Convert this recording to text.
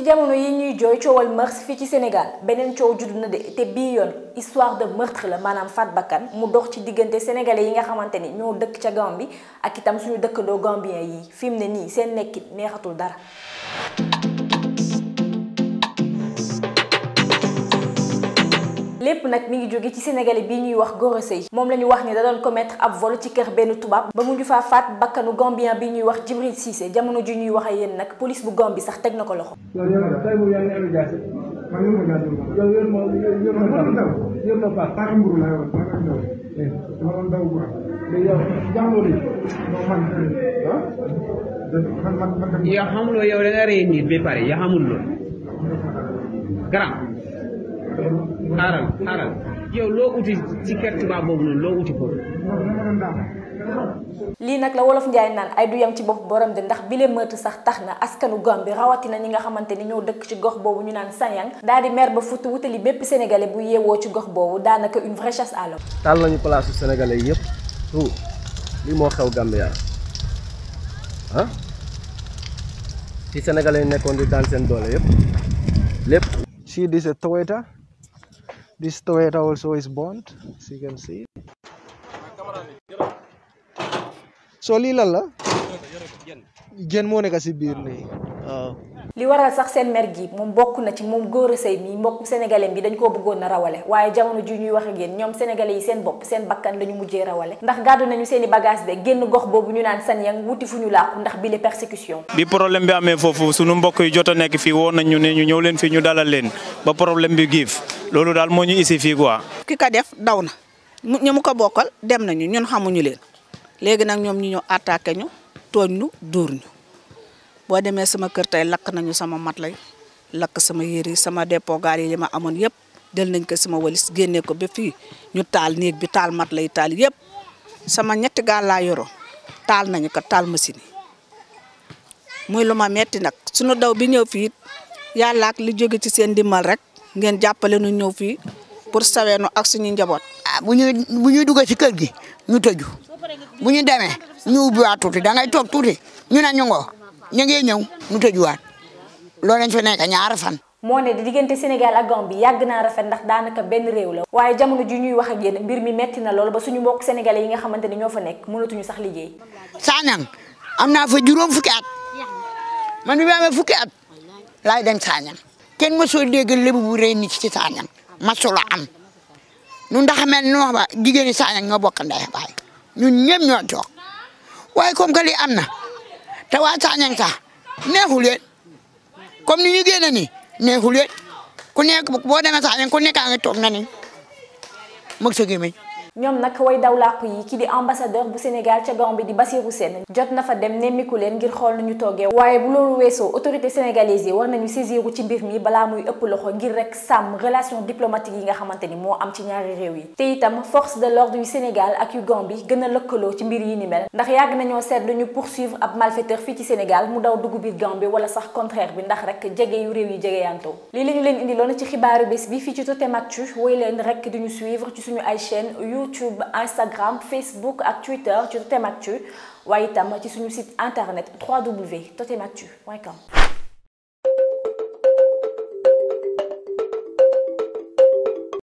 ci jamono yi ñuy jooy coowal meurtre fii ci Sénégal beneen coow juddu na de te bii yoon histoire de meurtre la maanaam faat bakkan mu dox ci diggante sénégalais yi nga xamante ne ñoo dëkk ca Gambie ak itam suñu dëkkandoo gambien yi fi mu ne nii seen nekkit neexatul dara. lépp nag mi ngi jóge ci sénégalais bi ñuy wax Gora Seye moom la ñu wax ni da doon commettre ab vol ci kër benn tubaab ba mu ñu faa faat bakkanu gambien bi ñuy wax Djibril Cissé jamono ji ñuy wax ak yéen nag polis bu Gambie sax teg na ko loxo. yow xamuloo yow da nga rey nit ba pare yaa xamul loolu grand xaaral xaaral yow loo uti ci kër tubaab boobu noonu loo uti foofu. lii nag la wolof njaay naan ay du yem ci bopp borom de ndax bile meurtre sax tax na askanu Gàmbi rawatina ñi nga xamante ni ñoo dëkk ci gox boobu ñu naan Sayang daal di mer ba futt wutali bépp sénégalais bu yeewoo ci gox boobu daanaka une vraie chasse à l'homme. taal nañu palaasu sénégalais yëpp tout lii moo xew Gambia ah ci sénégalais nekkoon di daan seen doole yëpp lépp. she is a Toyota This Toyota also is bond, as you can see. So, la Gen mo nekk si bir nii oh. li wara sax sen mer gi mom bokku na ci mom Gora Seye mi mbokk sénégalais bi dañ ko bëggoon na rawale waye jamono ju ñuy wax ak yéen ñoom sénégalais yi sen bop sen bakkan lañu mujjé rawale ndax gaddu nañu seeni bagage de genn gox bobu ñu naan yang wuti fuñu ñu ndax bi le persecution. bi problème bi amé fofu suñu mbokk yu jotta nek fi wo nañu ñu ñëw leen fi ñu dalal leen ba problème bi give lolu dal ñu isi fii quoi. ki ka def dawna ñamu ko bokal dem nañu ñun xamuñu leen léegi nak ñom ñu ñëw attaquer ñu ñu ñu sama kër tay lak nañu sama mat lay sama yéri sama dépôt gaal yi lima ma yépp del nañ ko sama walis génné ko be fi ñu taal neeg bi taal mat lay taal yépp sama ñett gaal la yoro taal nañu ko taal machine muy metti nak suñu daw bi ñew fi yalla ak li ci seen dimbal rek. ngeen jàppale nu ñëw fii pour sawee nu ak suñu njaboot. ah bu ñuy bu ñuy duggee ci kër gi ñu tëju bu ñu demee ñu ubbiwaat tuuti da ngay toog tuuti ñu ne ñu ngoo ñu ngi ñëw ñu tëjuwaat loolu lañ fa nekk ñaar fan. moo ne di diggante Sénégal ak bi yàgg naa rafet ndax daanaka benn réew la. waaye jamono ji ñuy wax ak yéen mbir mi metti na loolu ba suñu mbokk sénégalais yi nga xamante ni ñoo fa nekk mënatuñu sax liggéey. Saañang am naa fa juróom fukki at man bi ma fukki at laay kenn mosoo dégg lébu bu rey nit ci Sañang masula am nu ndax mel nu wax ba jigéen ñi Sañang ñoo bokk ndey baay ñun ñëpp ñoo toog waaye comme que am na te waa Sañang sax neexu leen comme ni ñu génne nii neexu leen ku nekk boo demee Sañang ku nekkaa nga toog na ni mag sa ñoom nag way daw làqu yi ki di ambassadeur bu Sénégal ci Gambie di Bassirou Sène jot na fa dem nemmiku leen ngir xol ñu bu lolu autorité sénégalaise yi war nañu saisiru ci mbir mi bala muy ëpp loxo ngir rek sam relation diplomatique yi nga xamanteni mo am ci ñaari réew yi té itam force de l'ordre du Sénégal ak yu Gambie gëna lekkolo ci mbir yi ni mel ndax yag nañu ñu poursuivre ab malfaiteur fi ci Sénégal mu daw dugg biir Gambie wala sax contraire bi ndax rek jege yu réew yi jegeyantoo lii li ñu leen indiloon ci xibaaru de bi fi ci Totem Actu way leen rek duñu suivre ci suñu ay chaîne YouTube Instagram Facebook et Twitter ci Totem Actu tu es sur le site internet www.totemactu.com